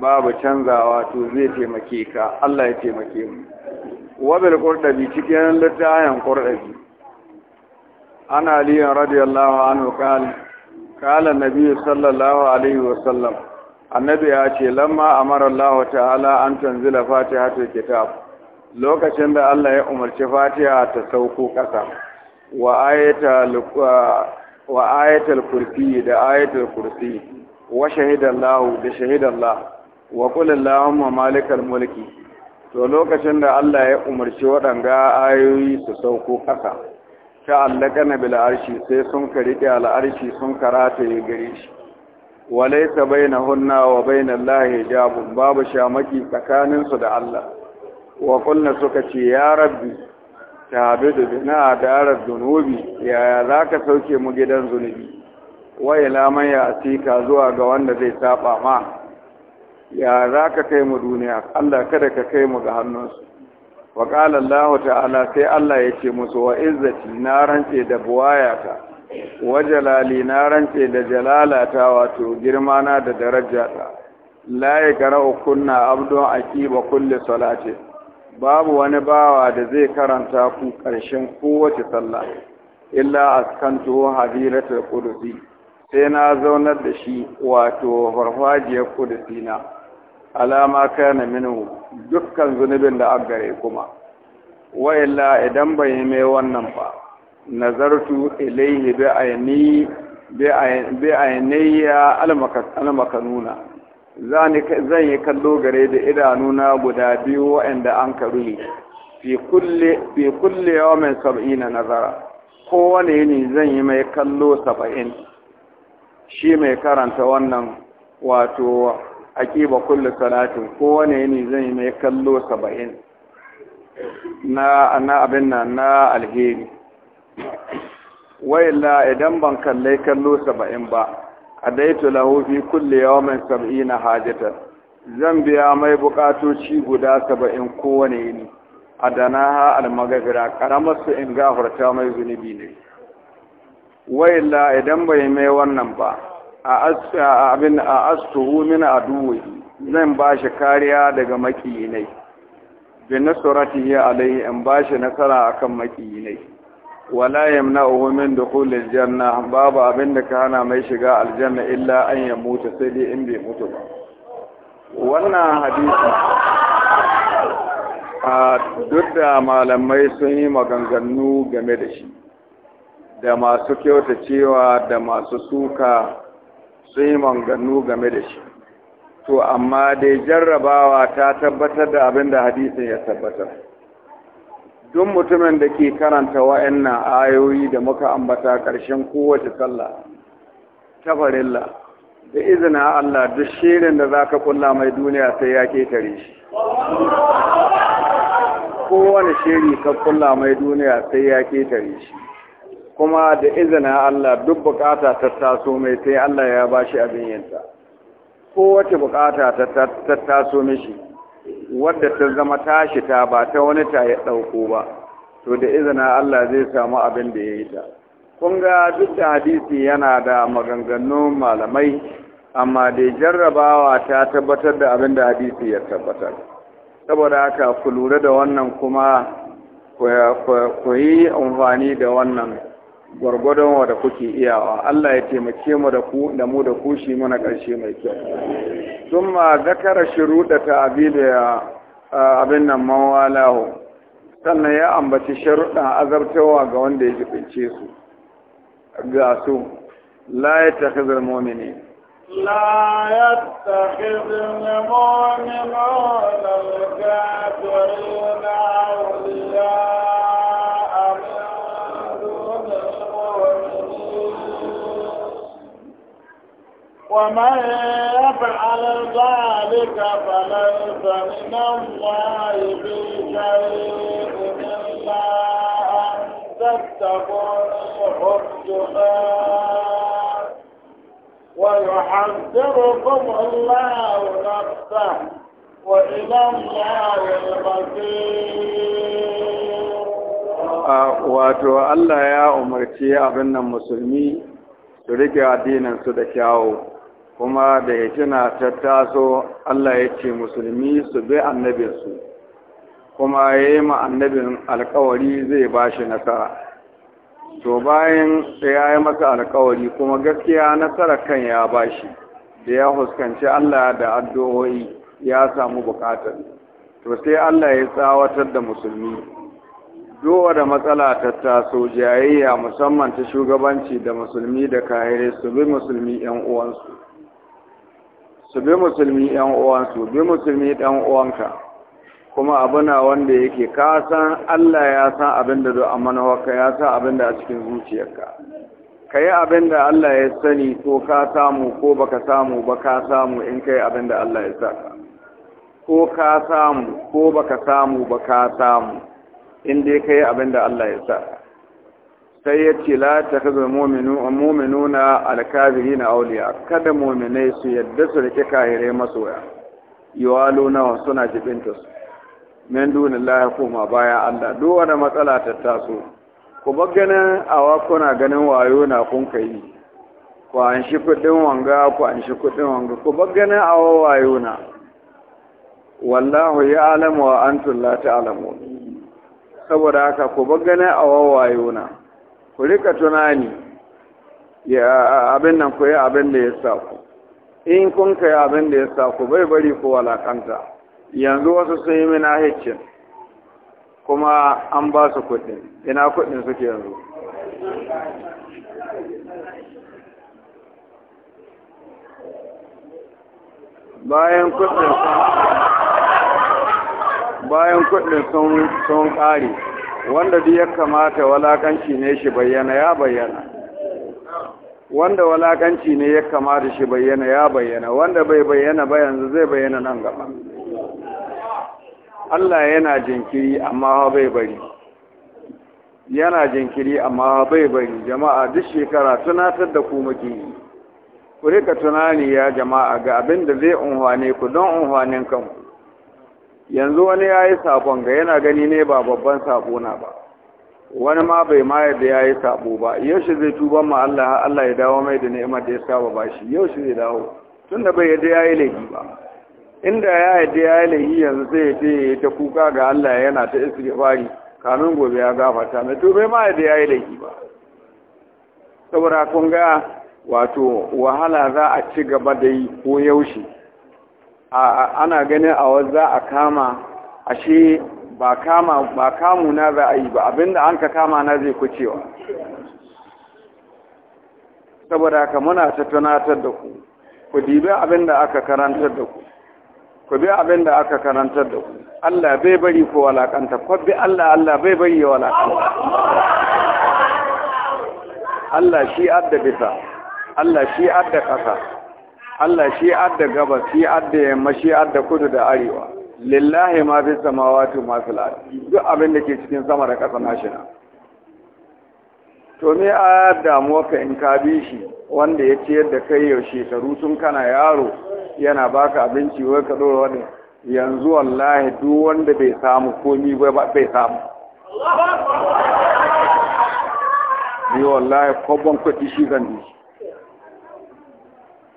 babu canzawa to zai taimake ka Allah ya taimake mu wabil qurdabi cikin littafin qurdabi ana liyan radiyallahu anhu kana قال النبي صلى الله عليه وسلم annabi ya ce lamma amara Allah ta'ala an tanzila fatihatul kitab lokacin da Allah ya umarci fatiha ta sauko kasa wa ayatul wa ayatul kursi da ayatul kursi wa shahidallahu da shahidallah wa qul allahumma malikal mulki to lokacin da Allah ya umarci waɗanga ayoyi su sauko kasa ta'allaka na bil arshi sai sun ka rike al sun karata ya gare shi walaysa bainahunna wa bainallahi jabu babu shamaki tsakaninsu da Allah wa suka ce ya rabbi tabidu bina darar dunubi yaya zaka sauke mu gidan zunubi wa ila man ya'tika zuwa ga wanda zai saba ma ya zaka kai mu duniya Allah kada ka kai mu ga hannunsu wa qala ta'ala sai Allah yace musu wa na rance da buwayata wa jalali na rance da jalalata wato girmana da darajata la yaqra'u kunna abdu aqiba kulli salati babu wani bawa da zai karanta ku ƙarshen kowace sallah illa askantu hadiratul qudusi sai na zaunar da shi wato farfajiyar na. alama kana minhu dukkan zunubin da aggare kuma wa illa idan bai yi mai wannan ba nazartu ilaihi bi ayni bi ainiya almakanuna zan yi kallo gare da idanuna guda biyu waɗanda an karuhi fi kulle yawa mai sab'ina nazara kowane yini zan yi mai kallo saba'in shi mai karanta wannan wato ƙiba kulle salatin kowane yini zan mai kallo saba'in na abin nan na alheri Waila idan ban kalle kallo saba'in ba adaitu lahu fi kulli yawmin na hajjatar. zan biya mai bukatoci guda saba'in kowane yini al almagabira karamar su in gafarta mai zunubi ne Waila idan bai mai wannan ba abin a astuhu min aduwi zan ba shi kariya daga makiyinai bi nasrati ya alai in ba shi nasara akan makiyinai wala yamna'uhu min dukhul janna babu abin da ka hana mai shiga aljanna illa an ya sai dai in bai mutu ba wannan hadisi a duk da malamai sun yi maganganu game da shi da masu kyauta cewa da masu suka sun yi manganu game da shi to amma dai jarrabawa ta tabbatar da abin da hadisin ya tabbatar duk mutumin da ke karanta wa'annan ayoyi da muka ambata ƙarshen kowace sallah ta farilla da izina Allah duk shirin da za ka kulla mai duniya sai ya ketare shi kowane shiri ka kulla mai duniya sai ya ketare shi kuma da izinin Allah duk bukata ta taso mai sai Allah ya ba shi abin yinta kowace bukata ta taso mishi wadda ta zama tashi ta ba ta wani ta ya ɗauko ba to da izinin Allah zai samu abin da ya yi ta kun ga duk da hadisi yana da maganganu malamai amma da jarrabawa ta tabbatar da abin da hadisi ya tabbatar saboda haka ku lura da wannan kuma ku yi amfani da wannan gwargwadon wa da kuke iyawa Allah ya taimake mu da ku da mu da ku shi muna ƙarshe mai kyau thumma zakara ta ta'abida abin nan mawalahu sannan ya ambaci sharuɗan azabtawa ga wanda ya jibince su ga su la yattakhizul mu'minin لا يتخذ ومن يفعل ذلك فليس من الله في شيء إلا أن تتقوا حجها ويحذركم الله نفسه وإلى الله المصير wato Allah ya umarci abin nan musulmi su rike addininsu da kyawu kuma da hitina ta taso Allah ya ce musulmi su bi annabinsu kuma ya yi ma annabin alkawari zai ba shi nasara to bayan ya yi masa alkawari kuma gaskiya nasara kan ya ba shi da ya fuskanci Allah da addu'o'i ya samu bukatar to sai Allah ya tsawatar da musulmi dowa da matsala ta taso jayayya musamman ta shugabanci da musulmi da kahire su bi musulmi 'yan uwansu su bi musulmi ɗan uwansu bi musulmi ɗan uwanka kuma abuna wanda yake ka san Allah ya san abin da duk waka ya san abin da a cikin zuciyarka ka yi abin da Allah ya sani ko ka samu ko baka samu ba ka samu in ka yi abin da Allah ya saka ko ka samu ko baka samu ba ka samu in dai ka yi abin da Allah ya saka sai ya ce la ta kaza mominu na alkazihi na auliya kada mominai su yadda su rike kahirai masoya yiwalo nawa suna jibinta su min duni lahi koma baya allah duk wani matsala ta taso ku bar ganin awa kuna ganin wayo na kun kai ku an shi kuɗin wanga ku an shi kuɗin wanga ku bar ganin awa wayo na wallahu ya alamu wa antum la Alamu. saboda haka ku bar ganin awa wayo na ku rika tunani ya abin nan ku ya abin da ya sa ku in kun ka abin da ya sa ku bai bari ku walakanta yanzu wasu sun yi mina hicin kuma an ba su kudin, ina kudin suke yanzu bayan kudin sun bayan sun wanda duk ya kamata walakanci ne shi bayyana ya bayyana wanda walakanci ne ya kamata shi bayyana ya bayyana wanda bai bayyana ba yanzu zai bayyana nan gaba Allah yana jinkiri amma bai bari yana jinkiri amma bai bari jama'a duk shekara tunatar da ku muke ku rika tunani ya jama'a ga abin da zai unhwane ku don unhwanin kanku yanzu wani ya yi sabon ga yana gani ne ba babban sako na ba wani ma bai ma yadda ya yi sabo ba yaushe zai tuba ma Allah Allah ya dawo mai da ni'imar da ya saba ba shi yaushe zai dawo tunda bai yadda ya yi laifi ba inda ya yadda ya yi laifi yanzu sai ya ce ta kuka ga Allah yana ta istighfari kamin gobe ya gafarta mai to bai ma yadda ya yi laifi ba saboda kun ga wato wahala za a ci gaba da yi ko yaushe ana ganin a za a kama ashe ba kama ba kamu na za a yi ba abinda an ka kama na zai kucewa saboda ka muna ta tunatar da ku ku dibe abinda aka karantar da ku ku bi abinda aka karantar da ku Allah bai bari ko walakanta ku bi Allah Allah bai bari ya walakanta Allah shi adda bisa Allah shi adda kasa Allah shi adda gabas shi adda yamma shi adda kudu da arewa lillahi ma fi samawati ma fil duk abin da ke cikin sama da ƙasa nashi na to me a damuwa ka in ka bi shi wanda ya ciyar da kai yau shekaru tun kana yaro yana baka abinci wai ka dora wani yanzu wallahi duk wanda bai samu komi ba bai samu ni wallahi kobon kuɗi shi zan bi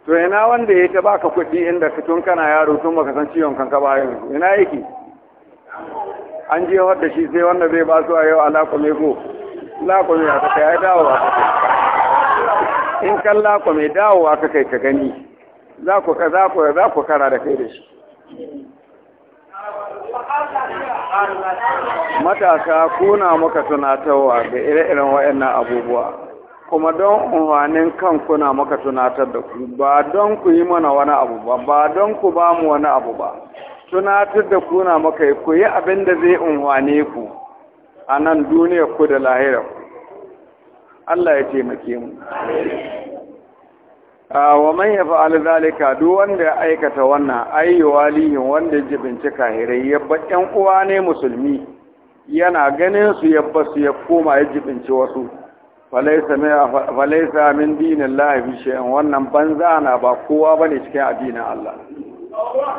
to ina wanda ya ta baka kuɗi inda ka tun kana yaro tun baka san ciwon kanka ba yanzu ina yake an je wadda shi sai wanda zai ba su a yau alaƙume ko laƙume a ta ya dawo a kaka in kan laƙume dawo ta kai ka gani za ku ka za ku za ku kara da kai da shi matasa kuna muka tunatarwa da ire-iren waɗannan abubuwa kuma don umarnin kanku na maka tunatar da ku ba don ku yi mana wani abu ba ba don ku ba mu wani abu ba tunatar da ku na maka ku yi abin da zai unwane ku a nan duniyar ku da lahira ku Allah ya taimake mu wa man ya fa'al zalika duk wanda ya aikata wannan ayyuwalihin wanda ya jibinci kahirai ya ba uwa ne musulmi yana ganin su ya su ya koma ya jibinci wasu falaisa min dinin lahi shay'an wannan banza na ba kowa bane cikin addinin Allah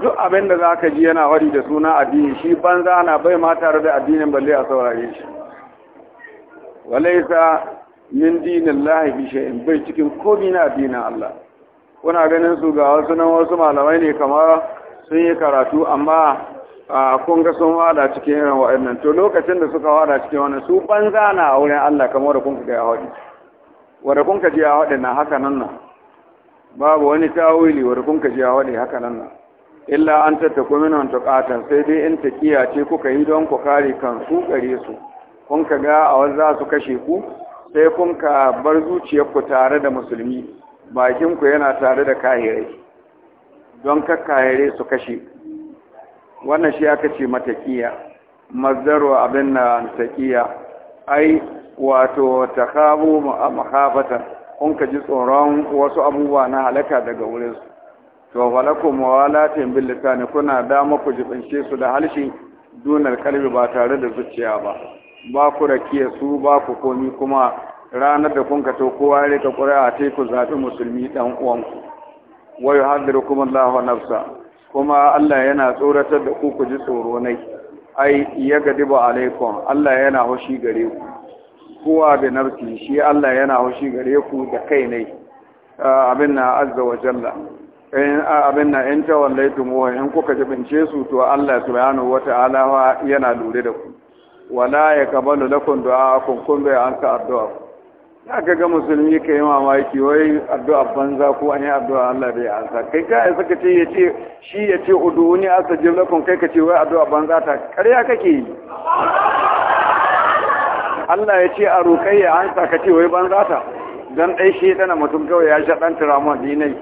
duk abin da zaka ji yana wari da suna addini shi banza na bai ma tare da addinin balle a saurare shi walaisa min dinin lahi shay'an bai cikin komai na addinin Allah kuna ganin su ga wasu nan wasu malamai ne kamar sun yi karatu amma a kun ga sun wada cikin irin wa'annan to lokacin da suka wada cikin wannan su banza na a wurin Allah kamar da kun ka ya haɗi wanda kun ka ji ya haɗi na haka nan na babu wani tawili wanda kun ka ji ya haɗi haka nan na illa an tattaku minan tuqatan sai dai in taqiya ce kuka yi don ku kare su gare su kun ka ga a wanda su kashe ku sai kun ka bar zuciyarku tare da musulmi bakin ku yana tare da kahirai don kahire su kashe wannan shi aka ce matakiya mazdaru abin na taqiya ai wato takhabu mahafata kun ka ji tsoron wasu abubuwa na halaka daga wurin su to falakum walatin bil lisani kuna da muku jibince su da halshi dunar kalbi ba tare da zuciya ba ba ku rakiya su ba ku komi kuma ranar da kun ka to kowa ya rika ƙuri'a ta ku zaɓi musulmi ɗan uwanku wa yuhadirukum Allahu nafsa kuma Allah yana tsoratar da ku ku ji tsoro nai ai ya gadiba alaikum Allah yana haushi gare ku kowa da nafsi shi Allah yana haushi gare ku da kai ne abin na azza wa jalla in abin na in laifin wa in kuka jibince su to Allah subhanahu wata'ala yana lura da ku wala yaqbalu lakum du'a kun bai ansa addu'a za ka ga musulmi ka yi mamaki wai addu'a banza ko an yi addu'a Allah ya ansa kai ka yi saka ce ya shi yace ce udu'uni astajib kai ka ce wai addu'a banza ta karya kake yi Allah ya ce a roƙai ya ansa ka ce wai banza ta dan dai shi dana mutum kawai ya sha dan tirama dinai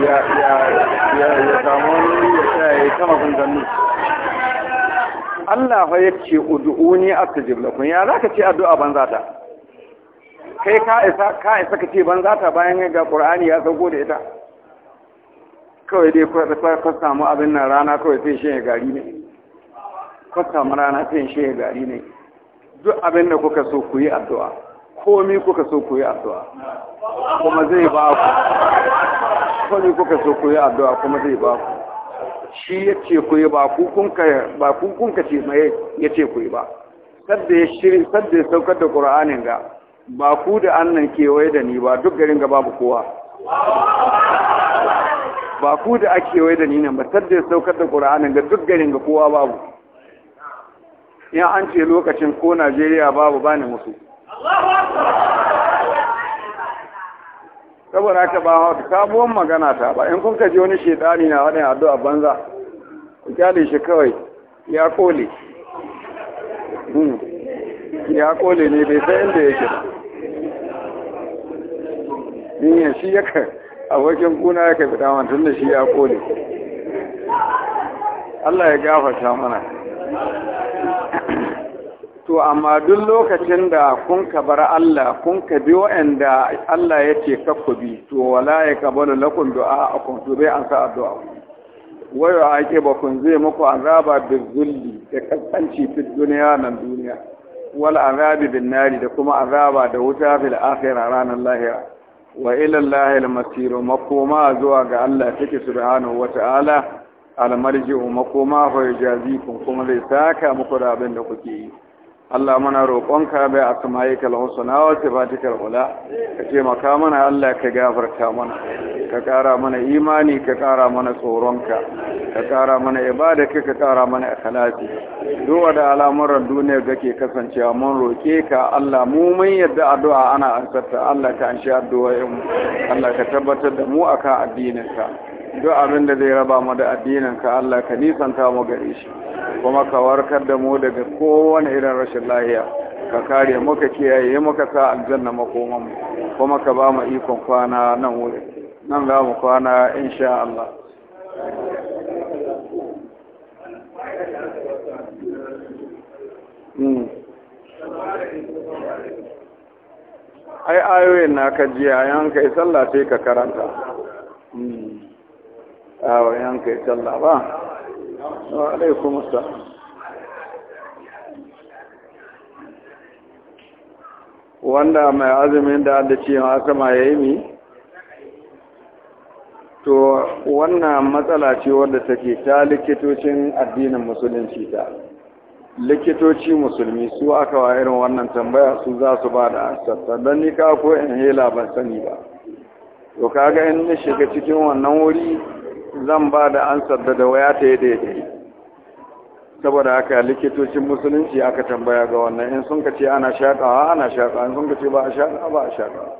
ya ya ya ya sha ya kama kun Allah fa yace ud'uni astajib lakum ya zaka ce addu'a banza ta kai ka isa ka isa kace banza ta bayan ga Qur'ani ya sauko da ita kawai dai ka samu abin nan rana kawai sai shi gari ne ka samu rana sai shi gari ne duk abin da kuka so ku yi addu'a komi kuka so ku yi addu'a kuma zai ba ku komi kuka so ku yi addu'a kuma zai ba ku shi ya ce ku yi ba kukunka ce mai ya ce ku yi ba sadda ya shiri sadda ya saukar da ƙura'anin ga ba ku da annan kewaye da ni ba duk garin ga babu kowa ba ku da ake kewaye da ni nan ba sadda ya saukar da ƙura'anin ga duk garin ga kowa babu in an ce lokacin ko najeriya babu ba ni musu saboda haka ba sabuwar magana ta ba in kun kaji wani shedani na wani addu'a banza ku kyale shi kawai ya kole hmm. ya kole ne bai san inda yake ba yin shi yaka abokin kuna yaka fi daman tun da shi ya kole Allah ya gafarta mana to amma duk lokacin da kun ka bar Allah kun ka bi wa'anda Allah ya ce kakku bi to wala ya kabalu lakum du'a akum to bai an sa addu'a wayo ake ba kun zai muku azaba bil zulli da kasance fi duniya nan duniya wal azabi bin nari da kuma azaba da wuta fil akhirah ranar lahira wa ila Allah al ma makoma zuwa ga Allah take subhanahu wa ta'ala al marji'u makoma fa yajazikum kuma zai saka muku da abin da kuke yi Allah mana roƙonka bai a al-husna wa sifatika al ka ce maka mana Allah ka gafarta mana ka ƙara mana imani ka ƙara mana tsoronka ka ƙara mana ibada ka ka ƙara mana ikhlasi duwa da al'amuran duniya kake kasancewa mun roƙe ka Allah mu mun yadda addu'a ana ansarta Allah ka anshi addu'a mu Allah ka tabbatar da mu akan addinin ka duk abin da zai raba mu da addinin ka Allah ka nisanta mu gare shi kuma ka warkar da mu daga kowane irin rashin lahiya ka kare mu ka kiyaye mu ka sa aljanna makoman mu kuma ka ba mu ikon kwana nan wuri nan za mu kwana insha Allah hmm. ai ayoyin na ka a yanka sallah sai ka karanta hmm. a ba wa kuma wanda mai azumin da da cewa asama ya yi mi to wannan matsala ce wadda take ta likitocin addinin musulunci ta likitoci musulmi su aka wa irin wannan tambaya su za su ba da asarta don ni ka ko in hela ban sani ba to kaga in shiga cikin wannan wuri zan ba da an da da waya ta yi daidai saboda haka likitocin musulunci aka tambaya ga wannan in sun ka ce ana shaƙawa ana shaƙawa in sun ka ce ba a shaƙawa ba a shaƙawa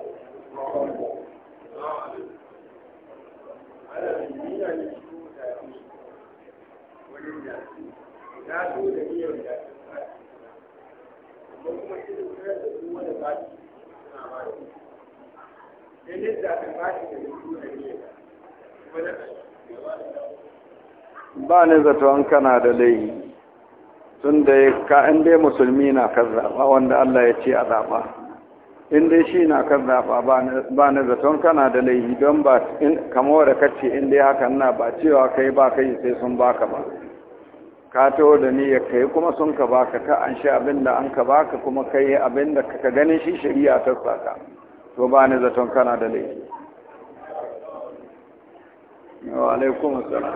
Thank you. ba zato an kana da laihi tun da ya ka'in dai musulmi na kan zaɓa wanda Allah ya ce a zaɓa in dai shi na kan zaɓa ba zato an kana da laihi don ba kamar da kacce in dai haka na ba cewa kai ba kai sai sun baka ba ka taho da ni ya kai kuma sun ka baka ka an shi abin da an ka baka kuma kai abin da ka ganin shi shari'a ta saka to ba zato zaton kana da laifi wa alaikum assalam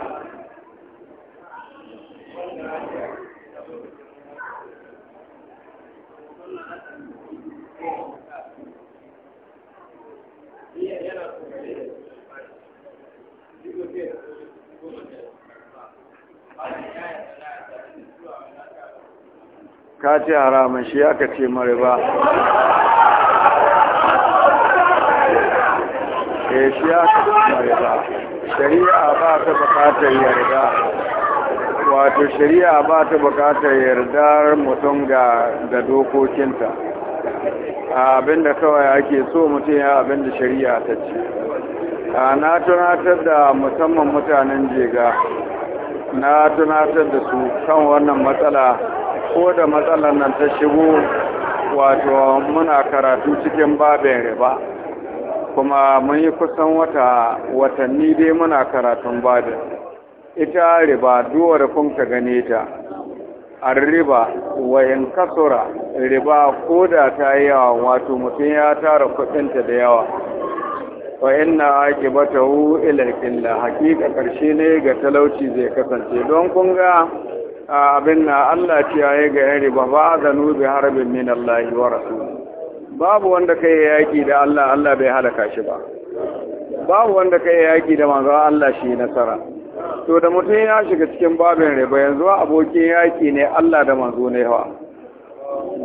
ka ce haramun shi aka ce ba. e shi aka ce ba. shari'a ba ta bukatar yarda wato shari'a ba ta bukatar yardar mutum ga da dokokinta abinda kawai ake so mutum ya abinda shari'a ta ce na tunatar da musamman mutanen jega na tunatar da su kan wannan matsala ko da matsalan nan ta shigo wato muna karatu cikin babin riba kuma mun yi kusan wata watanni dai muna karatun bada ita riba duwar kun ka gane ta an riba wayan kasura riba ko da ta yi yawa wato mutum ya tara kuɗinta da yawa wa inna ake bata hu da hakika karshe ne ga talauci zai kasance don kun ga abin na allah ciyaye ga yan riba ba a zanu bi harbin min allahi wa rasulu babu wanda kai yaƙi da Allah Allah bai halaka shi ba babu wanda kai yaƙi da manzo Allah shi nasara to da mutum ya shiga cikin babin riba yanzu abokin yaƙi ne Allah da manzo ne hawa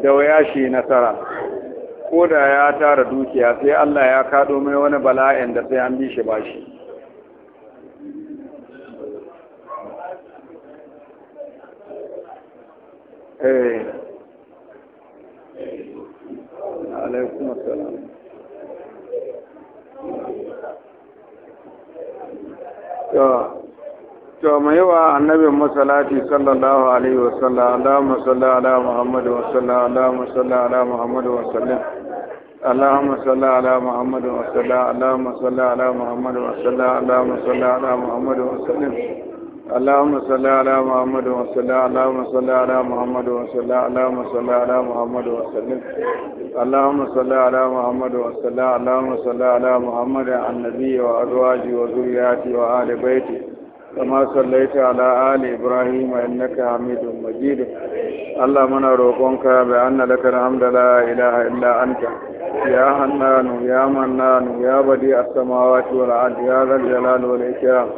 da waya shi nasara ko da ya tara dukiya sai Allah ya kaɗo mai wani bala'in da sai an bi shi bashi eh alaikum assalam to mai yawa annabin masalati sallallahu alaihi wasallam Allahumma salli ala Muhammad wa sallam Allahumma salli ala Muhammad wa sallam Allahumma salli ala Muhammad wa sallam Allahumma salli ala Muhammad wa sallam Allahumma salli ala Muhammad wa sallam اللهم صل على محمد وصلى اللهم صل على محمد وصلى اللهم صل على محمد وسلم اللهم صل على محمد وصلى اللهم صل على محمد النبي وأزواجه وذرياته وآل بيته كما صليت على آل إبراهيم إنك حميد مجيد اللهم أنا روقك بأن لك الحمد لا إله إلا أنت يا حنان يا منان يا بديع السماوات والأرض يا ذا الجلال والإكرام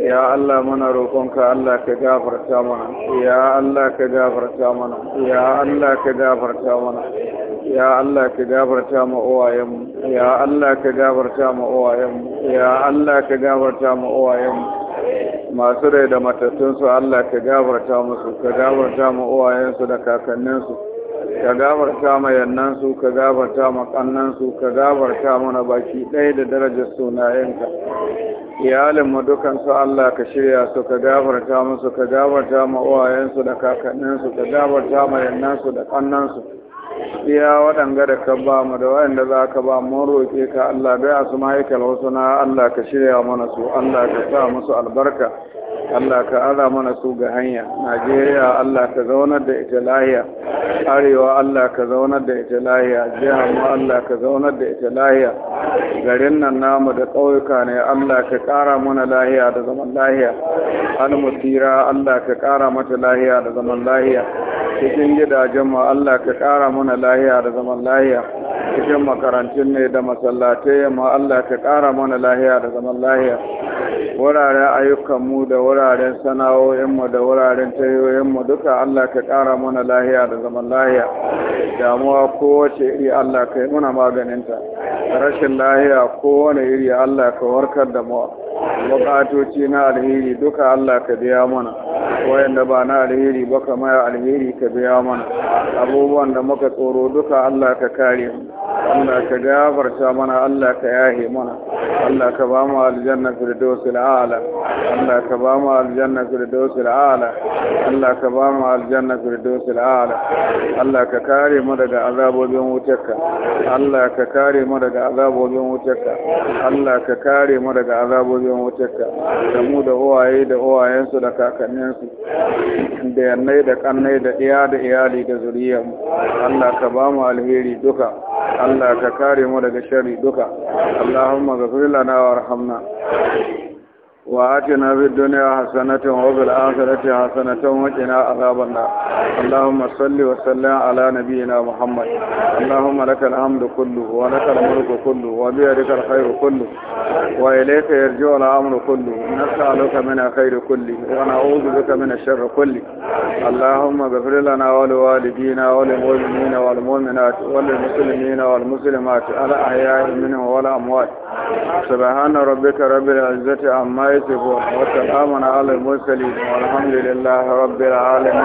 ya Allah mana roƙonka Allah ka gafarta mana ya Allah ka gafarta mana ya Allah ka gafarta mana ya Allah ka gafarta ma uwayenmu ya Allah ka gafarta ma uwayenmu ya Allah ka gafarta ma uwayenmu masu rai da matattunsu Allah ka gafarta musu ka gafarta ma uwayensu da kakanninsu ka gafarta ma yannan su ka gafarta ma kannan su ka gafarta mana baki ɗaya da darajar sunayenka Iyalinmu mu dukan su Allah ka shirya su ka gafarta musu ka gafarta ma uwayen da kakanninsu, ka gafarta ma yannan su da kannan ya waɗanga da ka ba mu da waɗanda za ka ba mun roƙe ka Allah bai a su ma'aikal wasu na Allah ka shirya mana su Allah ka sa musu albarka Allah ka ara mana su ga hanya Najeriya Allah ka zaunar da ita lahiya Arewa Allah ka zaunar da ita lahiya jiha mu Allah ka zaunar da ita lahiya garin nan namu da ƙauyuka ne Allah ka ƙara mana lahiya da zaman lahiya almusira Allah ka ƙara mata lahiya da zaman lahiya cikin gidajen mu Allah ka ƙara mana muna lahiya da zaman lahiya cikin makarantun ne da masallatai ma Allah ka ƙara mana lahiya da zaman lahiya wuraren ayyukanmu da wuraren sana'o'inmu da wuraren tayoyinmu duka Allah ka ƙara mana lahiya da zaman lahiya damuwa kowace iri Allah ka yi muna maganinta rashin lahiya kowane iri Allah ka warkar da mu bukatoci na alheri duka Allah ka biya mana wayanda ba na alheri ba kamar alheri ka biya mana abubuwan da muka tsoro duka Allah ka kare mu Allah ka gafarta mana Allah ka yahe mana Allah ka ba mu aljanna dawsil a'la Allah ka ba mu aljanna dawsil a'la Allah ka ba mu aljanna dawsil a'la Allah ka kare mu daga azabobin wutarka Allah ka kare mu daga azabobin wutarka Allah ka kare mu daga azabobin wutarka da mu da uwaye da uwayensu da kakanninsu da yannai da kannai da iya da iyali da zuriyar Allah ka ba mu alheri duka Allah ka kare mu daga sharri duka Allahumma ghfir lana warhamna وآتنا في الدنيا حسنة وفي الآخرة حسنة وقنا عذاب النار اللهم صل وسلم على نبينا محمد اللهم لك الحمد كله ولك الملك كله وبيدك الخير كله وإليك يرجع الأمر كله نسألك من الخير كله ونعوذ بك من الشر كله اللهم اغفر لنا ولوالدينا وللمؤمنين والمؤمنات وللمسلمين والمسلمات الأحياء منهم والأموات سبحان ربك رب العزة عما ta bu wata amana alamun salimu alhamdulillah rabbi alamun